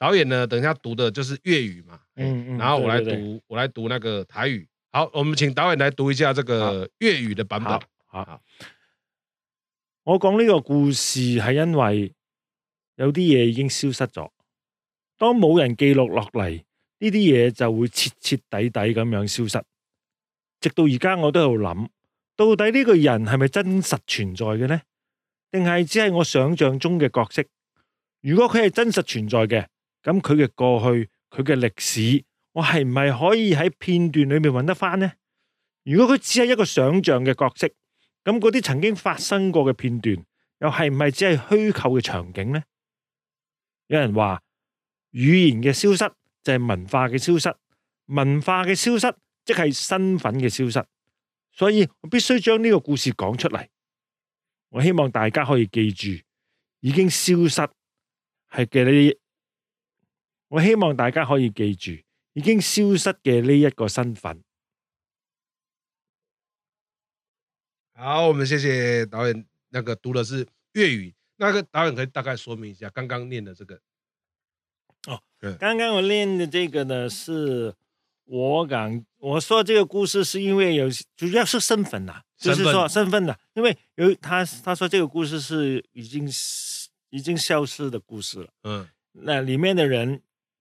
導演呢？等下讀的就是粵語嘛。嗯嗯。然後我來讀，對對對，我來讀那個台語。好，我們請導演來讀一下這個粵語的版本。好。好好好。我講呢個故事係因為有啲嘢已經消失咗，當冇人記錄落嚟，呢啲嘢就會徹徹底底咁樣消失。直到而家我都有諗，到底呢個人係咪真實存在嘅呢？定係只係我想象中嘅角色？如果佢係真實存在嘅。咁佢嘅過去，佢嘅歷史，我係唔係可以喺片段裏面揾得返呢？如果佢只係一個想象嘅角色，咁嗰啲曾經發生過嘅片段，又係唔係只係虛構嘅場景呢？有人話，語言嘅消失就係文化嘅消失，文化嘅消失即係身份嘅消失，所以我必須將呢個故事講出嚟。我希望大家可以記住，已經消失係嘅呢啲我希望大家可以記住已經消失的呢一個身份。好，我們謝謝導演，那個讀的是粵語，那個導演可以大概說明一下剛剛念的這個。哦，剛剛我念的這個呢，是我講，我說這個故事是因為有，主要是身份啦、啊，就是說身份啦、啊，因為有他他說這個故事是已經已經消失的故事了。嗯，那裏面的人。